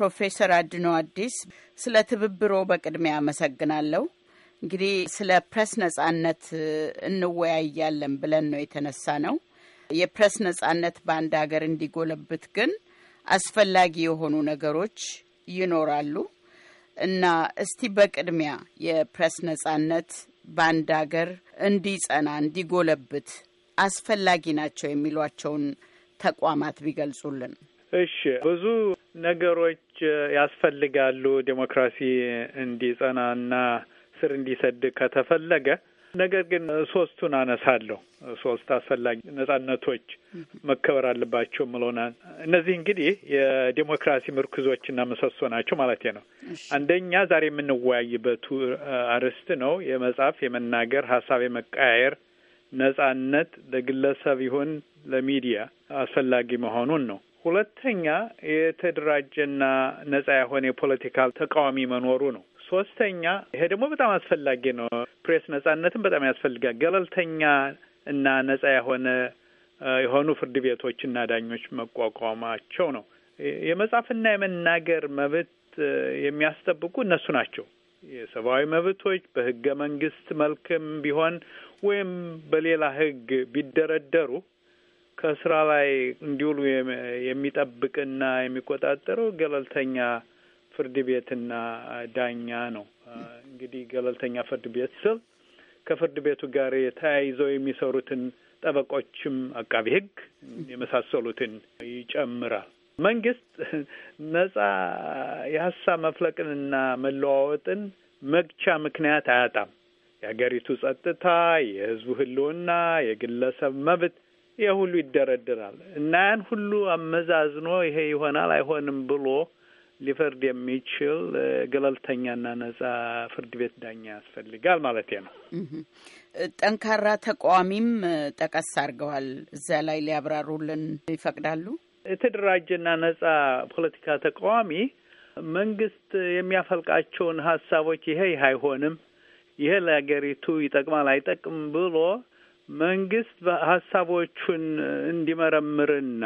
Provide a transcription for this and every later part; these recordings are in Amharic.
ፕሮፌሰር አድኖ አዲስ ስለ ትብብሮ በቅድሚያ አመሰግናለሁ። እንግዲህ ስለ ፕሬስ ነጻነት እንወያያለን ብለን ነው የተነሳ ነው። የፕሬስ ነጻነት በአንድ ሀገር እንዲጎለብት ግን አስፈላጊ የሆኑ ነገሮች ይኖራሉ እና እስቲ በቅድሚያ የፕሬስ ነጻነት በአንድ ሀገር እንዲጸና እንዲጎለብት አስፈላጊ ናቸው የሚሏቸውን ተቋማት ቢገልጹልን። እሺ ብዙ ነገሮች ያስፈልጋሉ ዴሞክራሲ እንዲጸናና ስር እንዲሰድ ከተፈለገ። ነገር ግን ሶስቱን አነሳለሁ። ሶስት አስፈላጊ ነጻነቶች መከበር አለባቸው ምሎና እነዚህ እንግዲህ የዴሞክራሲ ምርኩዞችና ምሰሶ ናቸው ማለት ነው። አንደኛ ዛሬ የምንወያይበቱ አርዕስት ነው የመጻፍ የመናገር፣ ሀሳብ የመቀያየር ነጻነት ለግለሰብ ይሁን ለሚዲያ አስፈላጊ መሆኑን ነው። ሁለተኛ የተደራጀና ነጻ የሆነ የፖለቲካል ተቃዋሚ መኖሩ ነው። ሶስተኛ ይሄ ደግሞ በጣም አስፈላጊ ነው። ፕሬስ ነጻነትን በጣም ያስፈልጋል። ገለልተኛ እና ነጻ የሆነ የሆኑ ፍርድ ቤቶች እና ዳኞች መቋቋማቸው ነው። የመጻፍና የመናገር መብት የሚያስጠብቁ እነሱ ናቸው። የሰብአዊ መብቶች በህገ መንግስት መልክም ቢሆን ወይም በሌላ ህግ ቢደረደሩ ከስራ ላይ እንዲውሉ የሚጠብቅና የሚቆጣጠረው ገለልተኛ ፍርድ ቤትና ዳኛ ነው። እንግዲህ ገለልተኛ ፍርድ ቤት ስል ከፍርድ ቤቱ ጋር ተያይዘው የሚሰሩትን ጠበቆችም፣ አቃቢ ሕግ የመሳሰሉትን ይጨምራል። መንግስት ነጻ የሀሳብ መፍለቅንና መለዋወጥን መግቻ ምክንያት አያጣም። የሀገሪቱ ጸጥታ፣ የህዝቡ ህልውና፣ የግለሰብ መብት ይህ ሁሉ ይደረድራል እና ያን ሁሉ አመዛዝኖ ይሄ ይሆናል አይሆንም ብሎ ሊፈርድ የሚችል ገለልተኛና ነጻ ፍርድ ቤት ዳኛ ያስፈልጋል ማለት ነው። ጠንካራ ተቃዋሚም ጠቀስ አድርገዋል። እዚያ ላይ ሊያብራሩልን ይፈቅዳሉ? የተደራጀና ነጻ ፖለቲካ ተቃዋሚ መንግስት የሚያፈልቃቸውን ሀሳቦች ይሄ ይህ አይሆንም፣ ይሄ ለሀገሪቱ ይጠቅማል አይጠቅም ብሎ መንግስት ሀሳቦቹን እንዲመረምርና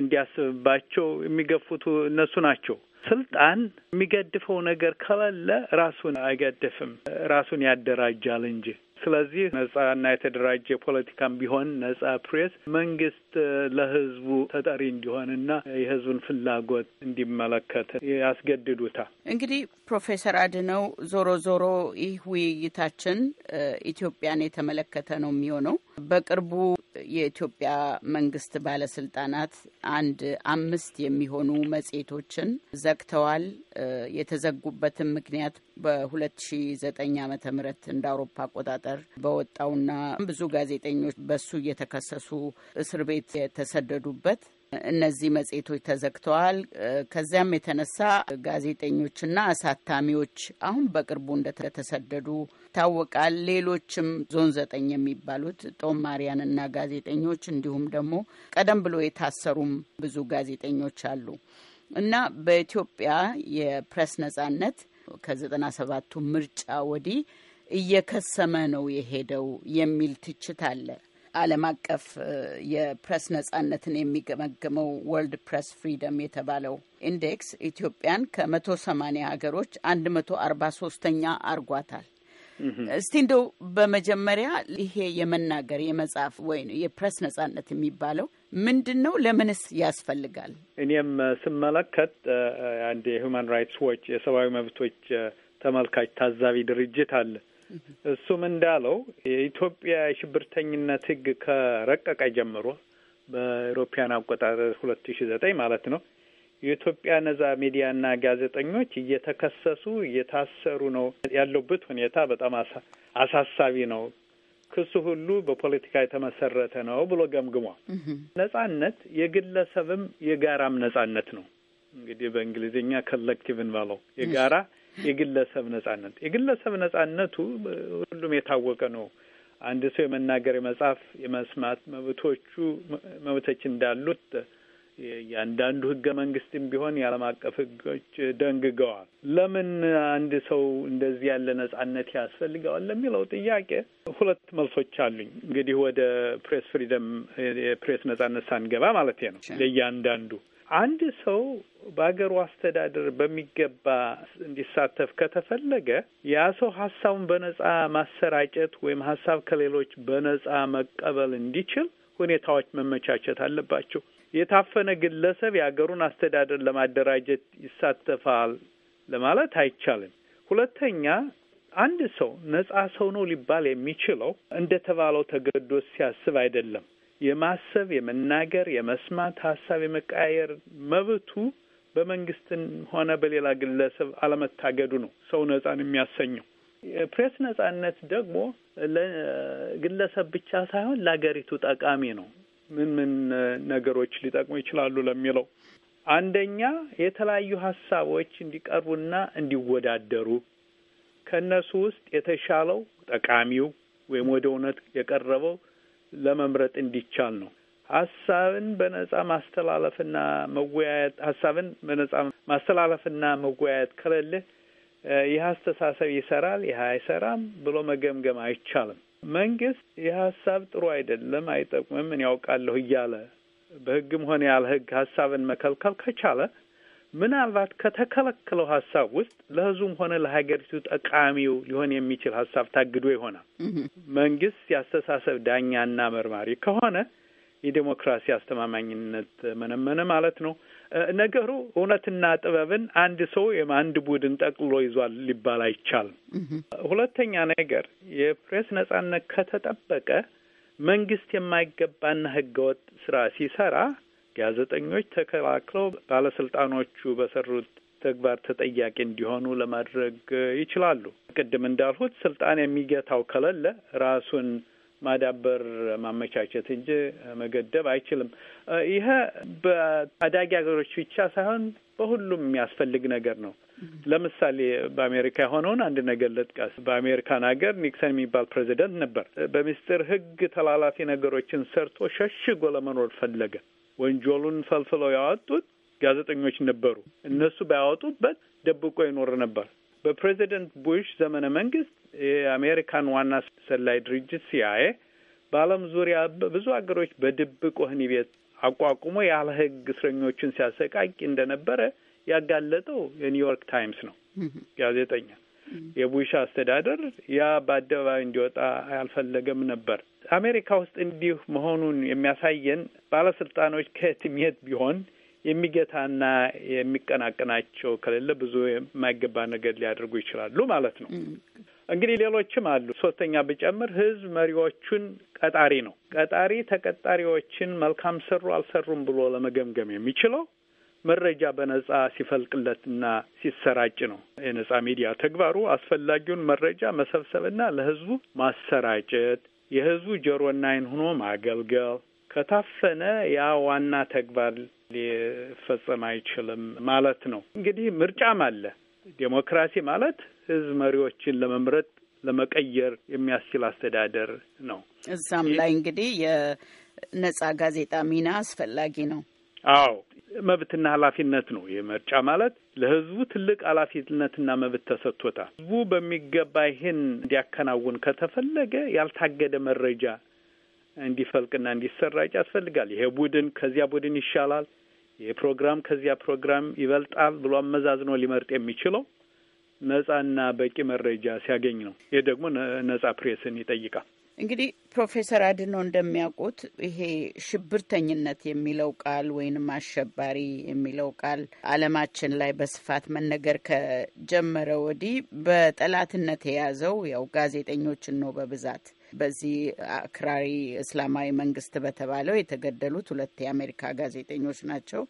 እንዲያስብባቸው የሚገፉት እነሱ ናቸው። ስልጣን የሚገድፈው ነገር ከሌለ ራሱን አይገድፍም፣ ራሱን ያደራጃል እንጂ ስለዚህ ነጻና የተደራጀ ፖለቲካም ቢሆን ነጻ ፕሬስ መንግስት ለህዝቡ ተጠሪ እንዲሆንና የህዝቡን ፍላጎት እንዲመለከት ያስገድዱታል። እንግዲህ ፕሮፌሰር አድነው ዞሮ ዞሮ ይህ ውይይታችን ኢትዮጵያን የተመለከተ ነው የሚሆነው በቅርቡ የኢትዮጵያ መንግስት ባለስልጣናት አንድ አምስት የሚሆኑ መጽሔቶችን ዘግተዋል። የተዘጉበትም ምክንያት በ2009 ም እንደ አውሮፓ አቆጣጠር በወጣውና ብዙ ጋዜጠኞች በሱ እየተከሰሱ እስር ቤት የተሰደዱበት እነዚህ መጽሔቶች ተዘግተዋል። ከዚያም የተነሳ ጋዜጠኞችና አሳታሚዎች አሁን በቅርቡ እንደተሰደዱ ይታወቃል። ሌሎችም ዞን ዘጠኝ የሚባሉት ጦማሪያንና ጋዜጠኞች እንዲሁም ደግሞ ቀደም ብሎ የታሰሩም ብዙ ጋዜጠኞች አሉ እና በኢትዮጵያ የፕሬስ ነጻነት ከዘጠና ሰባቱ ምርጫ ወዲህ እየከሰመ ነው የሄደው የሚል ትችት አለ። ዓለም አቀፍ የፕሬስ ነጻነትን የሚገመግመው ወርልድ ፕሬስ ፍሪደም የተባለው ኢንዴክስ ኢትዮጵያን ከ180 ሀገሮች 143ኛ አርጓታል። እስቲ እንደው በመጀመሪያ ይሄ የመናገር የመጻፍ ወይም የፕሬስ ነጻነት የሚባለው ምንድን ነው? ለምንስ ያስፈልጋል? እኔም ስመለከት አንድ የሁማን ራይትስ ዎች የሰብአዊ መብቶች ተመልካች ታዛቢ ድርጅት አለ እሱም እንዳለው የኢትዮጵያ የሽብርተኝነት ህግ ከረቀቀ ጀምሮ በአውሮፓውያን አቆጣጠር ሁለት ሺ ዘጠኝ ማለት ነው የኢትዮጵያ ነጻ ሚዲያና ጋዜጠኞች እየተከሰሱ እየታሰሩ ነው። ያለበት ሁኔታ በጣም አሳሳቢ ነው። ክሱ ሁሉ በፖለቲካ የተመሰረተ ነው ብሎ ገምግሟል። ነጻነት የግለሰብም የጋራም ነጻነት ነው። እንግዲህ በእንግሊዝኛ ኮሌክቲቭ እንበለው የጋራ የግለሰብ ነጻነት የግለሰብ ነጻነቱ ሁሉም የታወቀ ነው። አንድ ሰው የመናገር፣ የመጻፍ፣ የመስማት መብቶቹ መብቶች እንዳሉት እያንዳንዱ ህገ መንግስትም ቢሆን የዓለም አቀፍ ህጎች ደንግገዋል። ለምን አንድ ሰው እንደዚህ ያለ ነጻነት ያስፈልገዋል ለሚለው ጥያቄ ሁለት መልሶች አሉኝ። እንግዲህ ወደ ፕሬስ ፍሪደም የፕሬስ ነጻነት ሳንገባ ማለት ነው ለእያንዳንዱ አንድ ሰው በሀገሩ አስተዳደር በሚገባ እንዲሳተፍ ከተፈለገ ያ ሰው ሀሳቡን በነጻ ማሰራጨት ወይም ሀሳብ ከሌሎች በነጻ መቀበል እንዲችል ሁኔታዎች መመቻቸት አለባቸው። የታፈነ ግለሰብ የሀገሩን አስተዳደር ለማደራጀት ይሳተፋል ለማለት አይቻልም። ሁለተኛ አንድ ሰው ነጻ ሰው ነው ሊባል የሚችለው እንደተባለው ተገዶ ሲያስብ አይደለም። የማሰብ የመናገር፣ የመስማት፣ ሀሳብ የመቀያየር መብቱ በመንግስትም ሆነ በሌላ ግለሰብ አለመታገዱ ነው ሰው ነጻን የሚያሰኘው። የፕሬስ ነጻነት ደግሞ ለግለሰብ ብቻ ሳይሆን ለሀገሪቱ ጠቃሚ ነው። ምን ምን ነገሮች ሊጠቅሙ ይችላሉ ለሚለው አንደኛ የተለያዩ ሀሳቦች እንዲቀርቡና እንዲወዳደሩ ከእነሱ ውስጥ የተሻለው ጠቃሚው ወይም ወደ እውነት የቀረበው ለመምረጥ እንዲቻል ነው። ሀሳብን በነጻ ማስተላለፍና መወያየት ሀሳብን በነጻ ማስተላለፍና መወያየት ከሌልህ ይህ አስተሳሰብ ይሰራል፣ ይህ አይሰራም ብሎ መገምገም አይቻልም። መንግስት ይህ ሀሳብ ጥሩ አይደለም፣ አይጠቅምም፣ እኔ ያውቃለሁ እያለ በህግም ሆነ ያለ ህግ ሀሳብን መከልከል ከቻለ ምናልባት ከተከለከለው ሀሳብ ውስጥ ለሕዝቡም ሆነ ለሀገሪቱ ጠቃሚው ሊሆን የሚችል ሀሳብ ታግዶ ይሆናል። መንግስት የአስተሳሰብ ዳኛና መርማሪ ከሆነ የዴሞክራሲ አስተማማኝነት መነመነ ማለት ነው። ነገሩ እውነትና ጥበብን አንድ ሰው ወይም አንድ ቡድን ጠቅሎ ይዟል ሊባል አይቻልም። ሁለተኛ ነገር የፕሬስ ነጻነት ከተጠበቀ መንግስት የማይገባና ህገወጥ ስራ ሲሰራ ጋዜጠኞች ተከላክለው ባለስልጣኖቹ በሰሩት ተግባር ተጠያቂ እንዲሆኑ ለማድረግ ይችላሉ። ቅድም እንዳልሁት ስልጣን የሚገታው ከሌለ ራሱን ማዳበር ማመቻቸት እንጂ መገደብ አይችልም። ይሄ በአዳጊ ሀገሮች ብቻ ሳይሆን በሁሉም የሚያስፈልግ ነገር ነው። ለምሳሌ በአሜሪካ የሆነውን አንድ ነገር ልጥቀስ። በአሜሪካን ሀገር ኒክሰን የሚባል ፕሬዚደንት ነበር። በሚስጥር ህግ ተላላፊ ነገሮችን ሰርቶ ሸሽጎ ለመኖር ፈለገ። ወንጀሉን ፈልፍለው ያወጡት ጋዜጠኞች ነበሩ። እነሱ ባያወጡበት ደብቆ ይኖር ነበር። በፕሬዚደንት ቡሽ ዘመነ መንግስት የአሜሪካን ዋና ሰላይ ድርጅት ሲአይኤ በዓለም ዙሪያ ብዙ ሀገሮች በድብቅ ወህኒ ቤት አቋቁሞ ያለ ህግ እስረኞችን ሲያሰቃቂ እንደነበረ ያጋለጠው የኒውዮርክ ታይምስ ነው ጋዜጠኛ የቡሽ አስተዳደር ያ በአደባባይ እንዲወጣ አልፈለገም ነበር። አሜሪካ ውስጥ እንዲህ መሆኑን የሚያሳየን ባለስልጣኖች ከየትም የት ቢሆን የሚገታና የሚቀናቀናቸው ከሌለ ብዙ የማይገባ ነገር ሊያደርጉ ይችላሉ ማለት ነው። እንግዲህ ሌሎችም አሉ። ሶስተኛ ብጨምር ህዝብ መሪዎቹን ቀጣሪ ነው። ቀጣሪ ተቀጣሪዎችን መልካም ሰሩ አልሰሩም ብሎ ለመገምገም የሚችለው መረጃ በነጻ ሲፈልቅለትና ሲሰራጭ ነው። የነጻ ሚዲያ ተግባሩ አስፈላጊውን መረጃ መሰብሰብና ለህዝቡ ማሰራጨት፣ የህዝቡ ጆሮና አይን ሆኖ ማገልገል። ከታፈነ ያ ዋና ተግባር ሊፈጸም አይችልም ማለት ነው። እንግዲህ ምርጫም አለ። ዴሞክራሲ ማለት ህዝብ መሪዎችን ለመምረጥ ለመቀየር የሚያስችል አስተዳደር ነው። እዛም ላይ እንግዲህ የነጻ ጋዜጣ ሚና አስፈላጊ ነው። አዎ መብትና ኃላፊነት ነው። ይህ ምርጫ ማለት ለህዝቡ ትልቅ ኃላፊነትና መብት ተሰጥቶታል። ህዝቡ በሚገባ ይህን እንዲያከናውን ከተፈለገ ያልታገደ መረጃ እንዲፈልቅና እንዲሰራጭ ያስፈልጋል። ይሄ ቡድን ከዚያ ቡድን ይሻላል፣ ይሄ ፕሮግራም ከዚያ ፕሮግራም ይበልጣል ብሎ አመዛዝኖ ሊመርጥ የሚችለው ነጻና በቂ መረጃ ሲያገኝ ነው። ይህ ደግሞ ነጻ ፕሬስን ይጠይቃል። እንግዲህ ፕሮፌሰር አድኖ እንደሚያውቁት ይሄ ሽብርተኝነት የሚለው ቃል ወይንም አሸባሪ የሚለው ቃል ዓለማችን ላይ በስፋት መነገር ከጀመረ ወዲህ በጠላትነት የያዘው ያው ጋዜጠኞችን ነው በብዛት። በዚህ አክራሪ እስላማዊ መንግስት በተባለው የተገደሉት ሁለት የአሜሪካ ጋዜጠኞች ናቸው።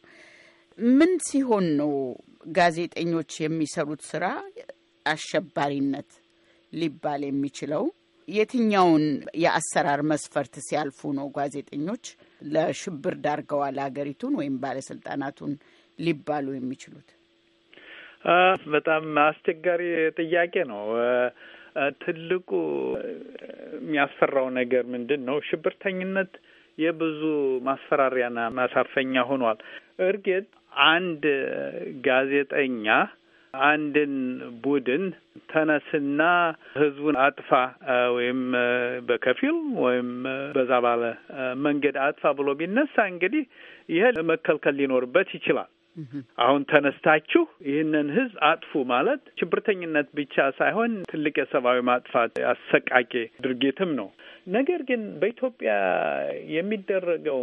ምን ሲሆን ነው ጋዜጠኞች የሚሰሩት ስራ አሸባሪነት ሊባል የሚችለው? የትኛውን የአሰራር መስፈርት ሲያልፉ ነው ጋዜጠኞች ለሽብር ዳርገዋል ሀገሪቱን ወይም ባለስልጣናቱን ሊባሉ የሚችሉት? በጣም አስቸጋሪ ጥያቄ ነው። ትልቁ የሚያስፈራው ነገር ምንድን ነው? ሽብርተኝነት የብዙ ማስፈራሪያና ማሳፈኛ ሆኗል። እርግጥ አንድ ጋዜጠኛ አንድን ቡድን ተነስና ህዝቡን አጥፋ ወይም በከፊል ወይም በዛ ባለ መንገድ አጥፋ ብሎ ቢነሳ እንግዲህ ይሄ መከልከል ሊኖርበት ይችላል። አሁን ተነስታችሁ ይህንን ህዝብ አጥፉ ማለት ሽብርተኝነት ብቻ ሳይሆን ትልቅ የሰብአዊ ማጥፋት አሰቃቂ ድርጊትም ነው። ነገር ግን በኢትዮጵያ የሚደረገው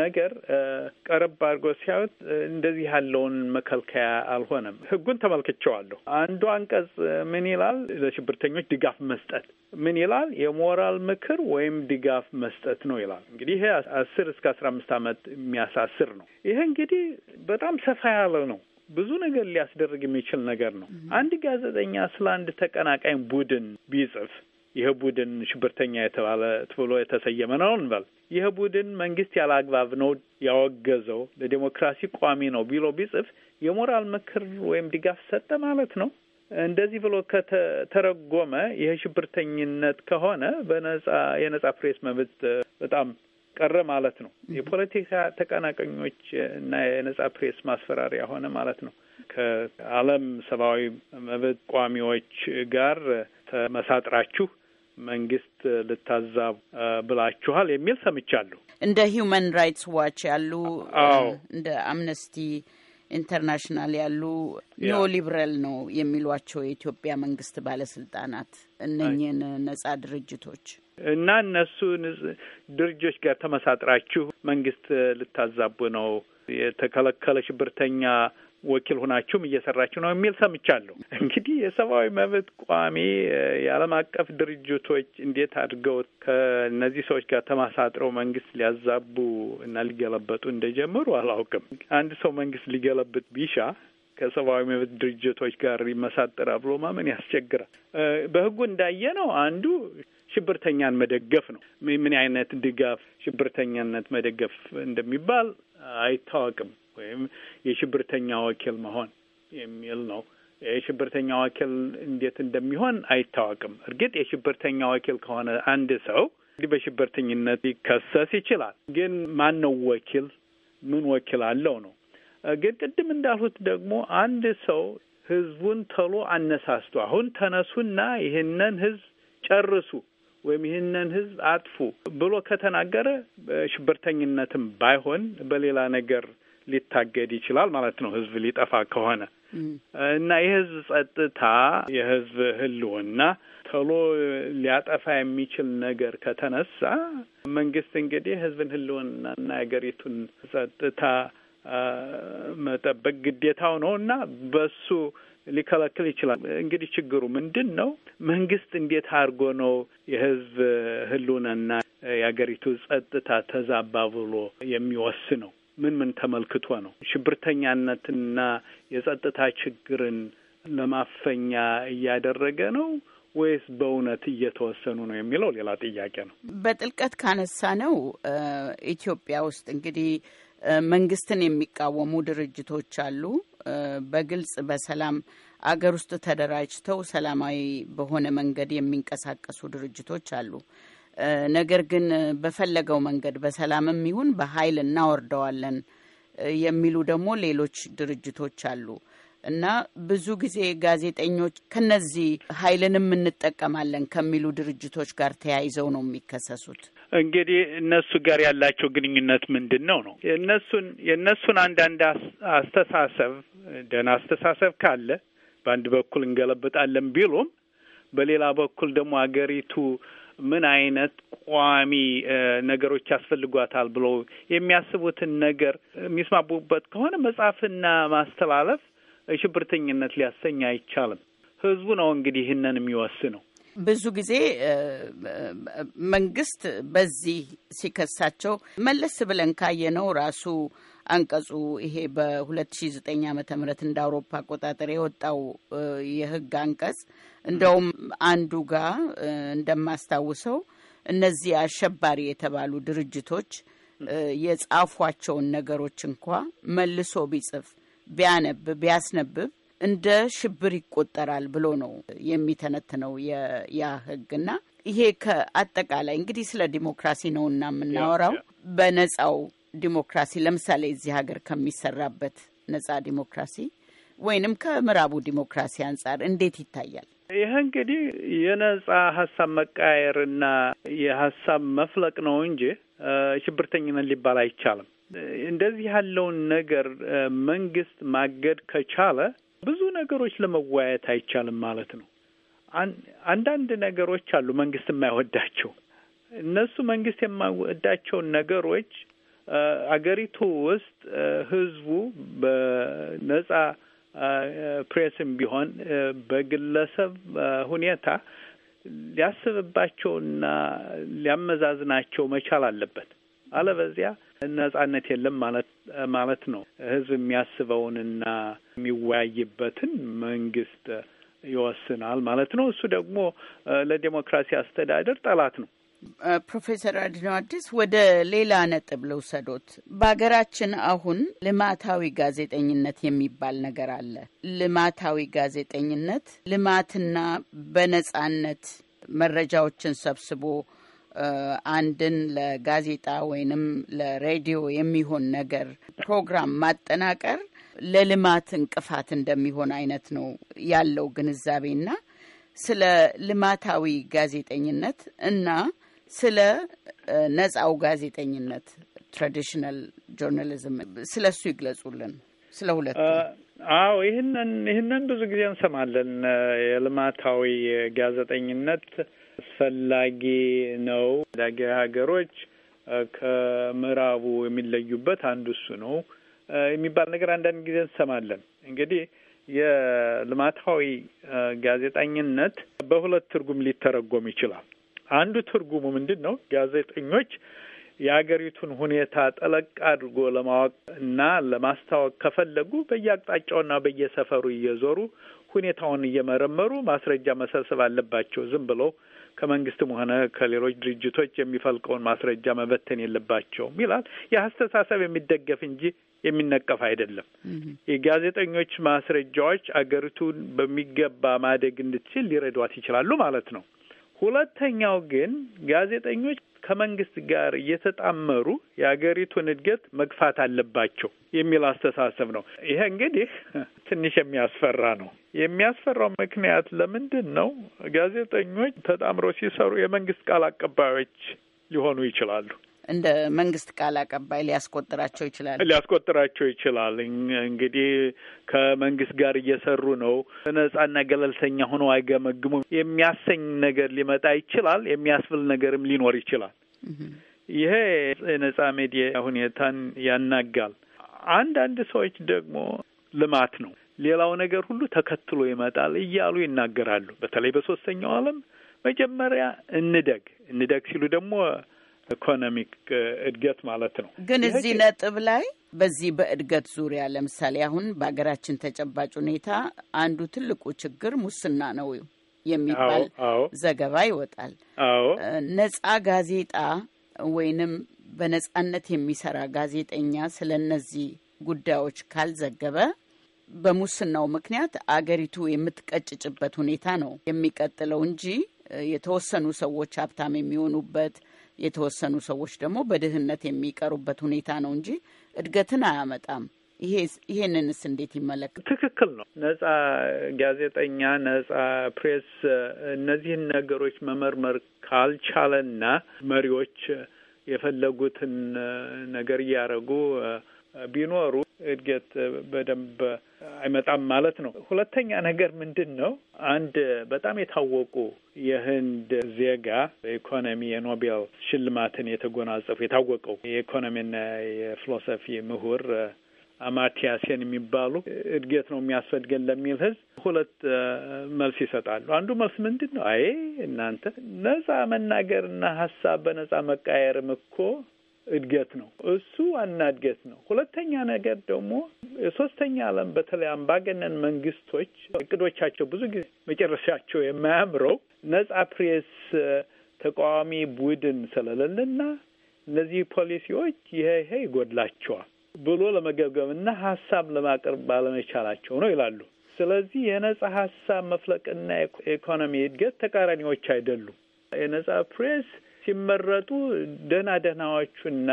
ነገር ቀረብ አድርጎ ሲያዩት እንደዚህ ያለውን መከልከያ አልሆነም። ህጉን ተመልክቼዋለሁ። አንዱ አንቀጽ ምን ይላል? ለሽብርተኞች ድጋፍ መስጠት ምን ይላል? የሞራል ምክር ወይም ድጋፍ መስጠት ነው ይላል። እንግዲህ ይሄ አስር እስከ አስራ አምስት ዓመት የሚያሳስር ነው። ይሄ እንግዲህ በጣም ሰፋ ያለ ነው። ብዙ ነገር ሊያስደርግ የሚችል ነገር ነው። አንድ ጋዜጠኛ ስለ አንድ ተቀናቃኝ ቡድን ቢጽፍ ይህ ቡድን ሽብርተኛ የተባለ ብሎ የተሰየመ ነው እንበል። ይህ ቡድን መንግስት ያለ አግባብ ነው ያወገዘው፣ ለዴሞክራሲ ቋሚ ነው ቢሎ ቢጽፍ የሞራል ምክር ወይም ድጋፍ ሰጠ ማለት ነው። እንደዚህ ብሎ ከተረጎመ ይህ ሽብርተኝነት ከሆነ በነጻ የነጻ ፕሬስ መብት በጣም ቀረ ማለት ነው። የፖለቲካ ተቀናቃኞች እና የነጻ ፕሬስ ማስፈራሪያ ሆነ ማለት ነው። ከዓለም ሰብአዊ መብት ቋሚዎች ጋር ተመሳጥራችሁ መንግስት ልታዛብ ብላችኋል የሚል ሰምቻለሁ። እንደ ሂዩማን ራይትስ ዋች ያሉ እንደ አምነስቲ ኢንተርናሽናል ያሉ ኒዮ ነው የሚሏቸው የኢትዮጵያ መንግስት ባለስልጣናት እነኝህን ነጻ ድርጅቶች እና እነሱ ድርጅቶች ጋር ተመሳጥራችሁ መንግስት ልታዛቡ ነው የተከለከለ ሽብርተኛ ወኪል ሆናችሁም እየሰራችሁ ነው የሚል ሰምቻለሁ። እንግዲህ የሰብአዊ መብት ቋሚ የዓለም አቀፍ ድርጅቶች እንዴት አድርገው ከእነዚህ ሰዎች ጋር ተማሳጥረው መንግስት ሊያዛቡ እና ሊገለበጡ እንደጀመሩ አላውቅም። አንድ ሰው መንግስት ሊገለብጥ ቢሻ ከሰብአዊ መብት ድርጅቶች ጋር ይመሳጠራ ብሎ ማመን ያስቸግራል። በህጉ እንዳየ ነው አንዱ ሽብርተኛን መደገፍ ነው። ምን አይነት ድጋፍ ሽብርተኛነት መደገፍ እንደሚባል አይታወቅም። ወይም የሽብርተኛ ወኪል መሆን የሚል ነው። የሽብርተኛ ወኪል እንዴት እንደሚሆን አይታወቅም። እርግጥ የሽብርተኛ ወኪል ከሆነ አንድ ሰው እንግዲህ በሽብርተኝነት ሊከሰስ ይችላል። ግን ማን ነው ወኪል? ምን ወኪል አለው ነው። ግን ቅድም እንዳልሁት ደግሞ አንድ ሰው ህዝቡን ተሎ አነሳስቶ አሁን ተነሱና ይህንን ህዝብ ጨርሱ ወይም ይህንን ህዝብ አጥፉ ብሎ ከተናገረ በሽብርተኝነትም ባይሆን በሌላ ነገር ሊታገድ ይችላል ማለት ነው ህዝብ ሊጠፋ ከሆነ እና የህዝብ ጸጥታ የህዝብ ህልውና ቶሎ ሊያጠፋ የሚችል ነገር ከተነሳ መንግስት እንግዲህ የህዝብን ህልውናና የሀገሪቱን ጸጥታ መጠበቅ ግዴታው ነው እና በሱ ሊከለክል ይችላል። እንግዲህ ችግሩ ምንድን ነው? መንግስት እንዴት አድርጎ ነው የህዝብ ህልውናና የሀገሪቱ ጸጥታ ተዛባ ብሎ የሚወስነው? ምን ምን ተመልክቶ ነው ሽብርተኛነትና የጸጥታ ችግርን ለማፈኛ እያደረገ ነው ወይስ በእውነት እየተወሰኑ ነው የሚለው ሌላ ጥያቄ ነው። በጥልቀት ካነሳ ነው ኢትዮጵያ ውስጥ እንግዲህ መንግስትን የሚቃወሙ ድርጅቶች አሉ። በግልጽ በሰላም አገር ውስጥ ተደራጅተው ሰላማዊ በሆነ መንገድ የሚንቀሳቀሱ ድርጅቶች አሉ። ነገር ግን በፈለገው መንገድ በሰላምም ይሁን በኃይል እናወርደዋለን የሚሉ ደግሞ ሌሎች ድርጅቶች አሉ እና ብዙ ጊዜ ጋዜጠኞች ከነዚህ ኃይልንም እንጠቀማለን ከሚሉ ድርጅቶች ጋር ተያይዘው ነው የሚከሰሱት። እንግዲህ እነሱ ጋር ያላቸው ግንኙነት ምንድን ነው ነው የእነሱን የእነሱን አንዳንድ አስተሳሰብ ደህና አስተሳሰብ ካለ በአንድ በኩል እንገለብጣለን ቢሉም በሌላ በኩል ደግሞ አገሪቱ ምን አይነት ቋሚ ነገሮች ያስፈልጓታል ብሎ የሚያስቡትን ነገር የሚስማቡበት ከሆነ መጻፍና ማስተላለፍ ሽብርተኝነት ሊያሰኝ አይቻልም። ህዝቡ ነው እንግዲህ ይህንን የሚወስነው። ብዙ ጊዜ መንግስት በዚህ ሲከሳቸው መለስ ብለን ካየነው ራሱ አንቀጹ ይሄ በ2009 ዓ ም እንደ አውሮፓ አቆጣጠር የወጣው የህግ አንቀጽ እንደውም አንዱ ጋር እንደማስታውሰው እነዚህ አሸባሪ የተባሉ ድርጅቶች የጻፏቸውን ነገሮች እንኳ መልሶ ቢጽፍ ቢያነብ ቢያስነብብ እንደ ሽብር ይቆጠራል ብሎ ነው የሚተነትነው ያ ህግና ይሄ ከአጠቃላይ እንግዲህ ስለ ዲሞክራሲ እና የምናወራው በነጻው ዲሞክራሲ ለምሳሌ እዚህ ሀገር ከሚሰራበት ነጻ ዲሞክራሲ ወይንም ከምዕራቡ ዲሞክራሲ አንጻር እንዴት ይታያል? ይህ እንግዲህ የነጻ ሀሳብ መቃየርና የሀሳብ መፍለቅ ነው እንጂ ሽብርተኝነት ሊባል አይቻልም። እንደዚህ ያለውን ነገር መንግስት ማገድ ከቻለ ብዙ ነገሮች ለመወያየት አይቻልም ማለት ነው። አንዳንድ ነገሮች አሉ መንግስት የማይወዳቸው እነሱ መንግስት የማይወዳቸውን ነገሮች አገሪቱ ውስጥ ህዝቡ በነጻ ፕሬስም ቢሆን በግለሰብ ሁኔታ ሊያስብባቸውና ሊያመዛዝናቸው መቻል አለበት። አለበዚያ ነጻነት የለም ማለት ማለት ነው። ህዝብ የሚያስበውንና የሚወያይበትን መንግስት ይወስናል ማለት ነው። እሱ ደግሞ ለዴሞክራሲ አስተዳደር ጠላት ነው። ፕሮፌሰር አድነው አዲስ ወደ ሌላ ነጥብ ልውሰዶት። በሀገራችን አሁን ልማታዊ ጋዜጠኝነት የሚባል ነገር አለ። ልማታዊ ጋዜጠኝነት ልማትና በነጻነት መረጃዎችን ሰብስቦ አንድን ለጋዜጣ ወይንም ለሬዲዮ የሚሆን ነገር ፕሮግራም ማጠናቀር ለልማት እንቅፋት እንደሚሆን አይነት ነው ያለው ግንዛቤና ስለ ልማታዊ ጋዜጠኝነት እና ስለ ነፃው ጋዜጠኝነት ትራዲሽናል ጆርናሊዝም ስለ እሱ ይግለጹልን። ስለ ሁለቱ። አዎ ይህንን ይህንን ብዙ ጊዜ እንሰማለን። የልማታዊ ጋዜጠኝነት አስፈላጊ ነው። ታዳጊ ሀገሮች ከምዕራቡ የሚለዩበት አንዱ እሱ ነው የሚባል ነገር አንዳንድ ጊዜ እንሰማለን። እንግዲህ የልማታዊ ጋዜጠኝነት በሁለት ትርጉም ሊተረጎም ይችላል። አንዱ ትርጉሙ ምንድን ነው? ጋዜጠኞች የአገሪቱን ሁኔታ ጠለቅ አድርጎ ለማወቅ እና ለማስታወቅ ከፈለጉ በየአቅጣጫውና በየሰፈሩ እየዞሩ ሁኔታውን እየመረመሩ ማስረጃ መሰብሰብ አለባቸው። ዝም ብሎ ከመንግስትም ሆነ ከሌሎች ድርጅቶች የሚፈልቀውን ማስረጃ መበተን የለባቸውም ይላል። የአስተሳሰብ የሚደገፍ እንጂ የሚነቀፍ አይደለም። የጋዜጠኞች ማስረጃዎች አገሪቱን በሚገባ ማደግ እንድትችል ሊረዷት ይችላሉ ማለት ነው። ሁለተኛው ግን ጋዜጠኞች ከመንግስት ጋር እየተጣመሩ የአገሪቱን እድገት መግፋት አለባቸው የሚል አስተሳሰብ ነው። ይሄ እንግዲህ ትንሽ የሚያስፈራ ነው። የሚያስፈራው ምክንያት ለምንድን ነው? ጋዜጠኞች ተጣምረው ሲሰሩ የመንግስት ቃል አቀባዮች ሊሆኑ ይችላሉ። እንደ መንግስት ቃል አቀባይ ሊያስቆጥራቸው ይችላል ሊያስቆጥራቸው ይችላል። እንግዲህ ከመንግስት ጋር እየሰሩ ነው፣ ነጻና ገለልተኛ ሆኖ አይገመግሙም የሚያሰኝ ነገር ሊመጣ ይችላል። የሚያስብል ነገርም ሊኖር ይችላል። ይሄ የነጻ ሜዲያ ሁኔታን ያናጋል። አንዳንድ ሰዎች ደግሞ ልማት ነው ሌላው ነገር ሁሉ ተከትሎ ይመጣል እያሉ ይናገራሉ። በተለይ በሶስተኛው ዓለም መጀመሪያ እንደግ እንደግ ሲሉ ደግሞ ኢኮኖሚክ እድገት ማለት ነው። ግን እዚህ ነጥብ ላይ በዚህ በእድገት ዙሪያ ለምሳሌ አሁን በሀገራችን ተጨባጭ ሁኔታ አንዱ ትልቁ ችግር ሙስና ነው የሚባል ዘገባ ይወጣል። ነጻ ጋዜጣ ወይንም በነጻነት የሚሰራ ጋዜጠኛ ስለ እነዚህ ጉዳዮች ካልዘገበ በሙስናው ምክንያት አገሪቱ የምትቀጭጭበት ሁኔታ ነው የሚቀጥለው እንጂ የተወሰኑ ሰዎች ሀብታም የሚሆኑበት የተወሰኑ ሰዎች ደግሞ በድህነት የሚቀሩበት ሁኔታ ነው እንጂ እድገትን አያመጣም። ይሄንንስ እንዴት ይመለከታል? ትክክል ነው። ነጻ ጋዜጠኛ፣ ነጻ ፕሬስ እነዚህን ነገሮች መመርመር ካልቻለና መሪዎች የፈለጉትን ነገር እያደረጉ ቢኖሩ እድገት በደንብ አይመጣም ማለት ነው። ሁለተኛ ነገር ምንድን ነው? አንድ በጣም የታወቁ የህንድ ዜጋ በኢኮኖሚ የኖቤል ሽልማትን የተጎናጸፉ የታወቀው የኢኮኖሚና የፊሎሶፊ ምሁር አማቲያሴን የሚባሉ እድገት ነው የሚያስፈልገን ለሚል ህዝብ ሁለት መልስ ይሰጣሉ። አንዱ መልስ ምንድን ነው? አይ እናንተ ነጻ መናገርና ሀሳብ በነጻ መቃየርም እኮ እድገት ነው። እሱ ዋና እድገት ነው። ሁለተኛ ነገር ደግሞ የሶስተኛ ዓለም በተለይ አምባገነን መንግስቶች እቅዶቻቸው ብዙ ጊዜ መጨረሻቸው የማያምረው ነጻ ፕሬስ ተቃዋሚ ቡድን ስለሌለና እነዚህ ፖሊሲዎች ይሄ ይሄ ይጎድላቸዋል ብሎ ለመገብገብና ሀሳብ ለማቅረብ ባለመቻላቸው ነው ይላሉ። ስለዚህ የነጻ ሀሳብ መፍለቅና የኢኮኖሚ እድገት ተቃራኒዎች አይደሉም። የነጻ ፕሬስ ሲመረጡ ደህና ደህናዎቹና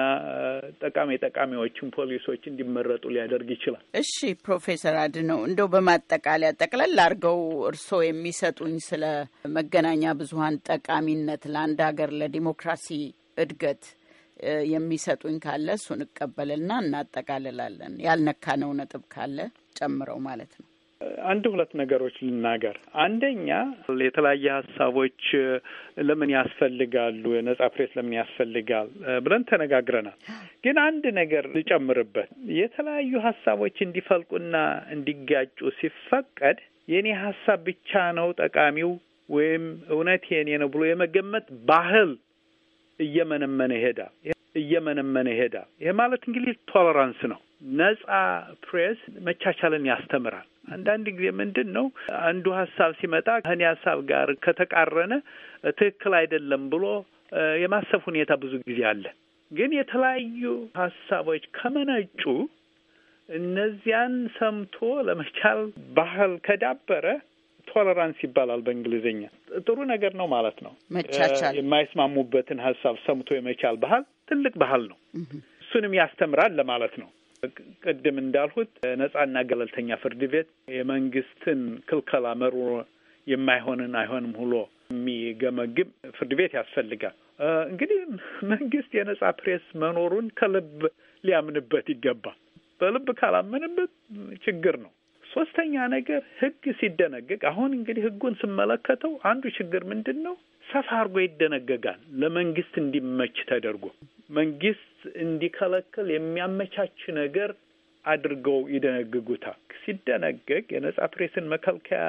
ጠቃሚ ጠቃሚዎቹን ፖሊሶች እንዲመረጡ ሊያደርግ ይችላል። እሺ ፕሮፌሰር አድነው እንደው በማጠቃለያ ጠቅለል አድርገው እርስዎ የሚሰጡኝ ስለ መገናኛ ብዙኃን ጠቃሚነት ለአንድ ሀገር ለዲሞክራሲ እድገት የሚሰጡኝ ካለ እሱን እቀበልና እናጠቃልላለን። ያልነካነው ነጥብ ካለ ጨምረው ማለት ነው። አንድ ሁለት ነገሮች ልናገር። አንደኛ የተለያየ ሀሳቦች ለምን ያስፈልጋሉ፣ የነጻ ፕሬስ ለምን ያስፈልጋል ብለን ተነጋግረናል። ግን አንድ ነገር ልጨምርበት። የተለያዩ ሀሳቦች እንዲፈልቁና እንዲጋጩ ሲፈቀድ የእኔ ሀሳብ ብቻ ነው ጠቃሚው ወይም እውነት የኔ ነው ብሎ የመገመት ባህል እየመነመነ ይሄዳል እየመነመነ ይሄዳል። ይሄ ማለት እንግዲህ ቶለራንስ ነው። ነጻ ፕሬስ መቻቻልን ያስተምራል። አንዳንድ ጊዜ ምንድን ነው አንዱ ሀሳብ ሲመጣ ከኔ ሀሳብ ጋር ከተቃረነ ትክክል አይደለም ብሎ የማሰብ ሁኔታ ብዙ ጊዜ አለ። ግን የተለያዩ ሀሳቦች ከመነጩ እነዚያን ሰምቶ ለመቻል ባህል ከዳበረ ቶለራንስ ይባላል በእንግሊዝኛ። ጥሩ ነገር ነው ማለት ነው። መቻቻል፣ የማይስማሙበትን ሀሳብ ሰምቶ የመቻል ባህል ትልቅ ባህል ነው። እሱንም ያስተምራል ለማለት ነው። ቅድም እንዳልሁት ነጻና ገለልተኛ ፍርድ ቤት የመንግስትን ክልከላ መርምሮ የማይሆንን አይሆንም ሁሎ የሚገመግም ፍርድ ቤት ያስፈልጋል። እንግዲህ መንግስት የነጻ ፕሬስ መኖሩን ከልብ ሊያምንበት ይገባል። በልብ ካላመንበት ችግር ነው። ሶስተኛ ነገር ህግ ሲደነገግ አሁን እንግዲህ ህጉን ስመለከተው አንዱ ችግር ምንድን ነው? ሰፋ አድርጎ ይደነገጋል ለመንግስት እንዲመች ተደርጎ መንግስት እንዲከለከል የሚያመቻች ነገር አድርገው ይደነግጉታል። ሲደነገግ የነጻ ፕሬስን መከልከያ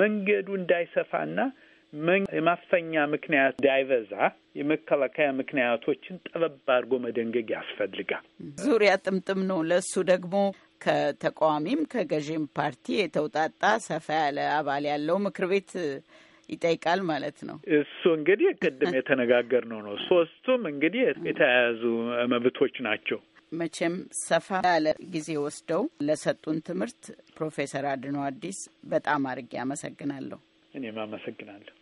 መንገዱ እንዳይሰፋና የማፈኛ ምክንያት እንዳይበዛ የመከላከያ ምክንያቶችን ጠበብ አድርጎ መደንገግ ያስፈልጋል። ዙሪያ ጥምጥም ነው። ለእሱ ደግሞ ከተቃዋሚም ከገዢም ፓርቲ የተውጣጣ ሰፋ ያለ አባል ያለው ምክር ቤት ይጠይቃል ማለት ነው። እሱ እንግዲህ ቅድም የተነጋገርነው ነው። ሶስቱም እንግዲህ የተያያዙ መብቶች ናቸው። መቼም ሰፋ ያለ ጊዜ ወስደው ለሰጡን ትምህርት ፕሮፌሰር አድኖ አዲስ በጣም አድርጌ አመሰግናለሁ። እኔም አመሰግናለሁ።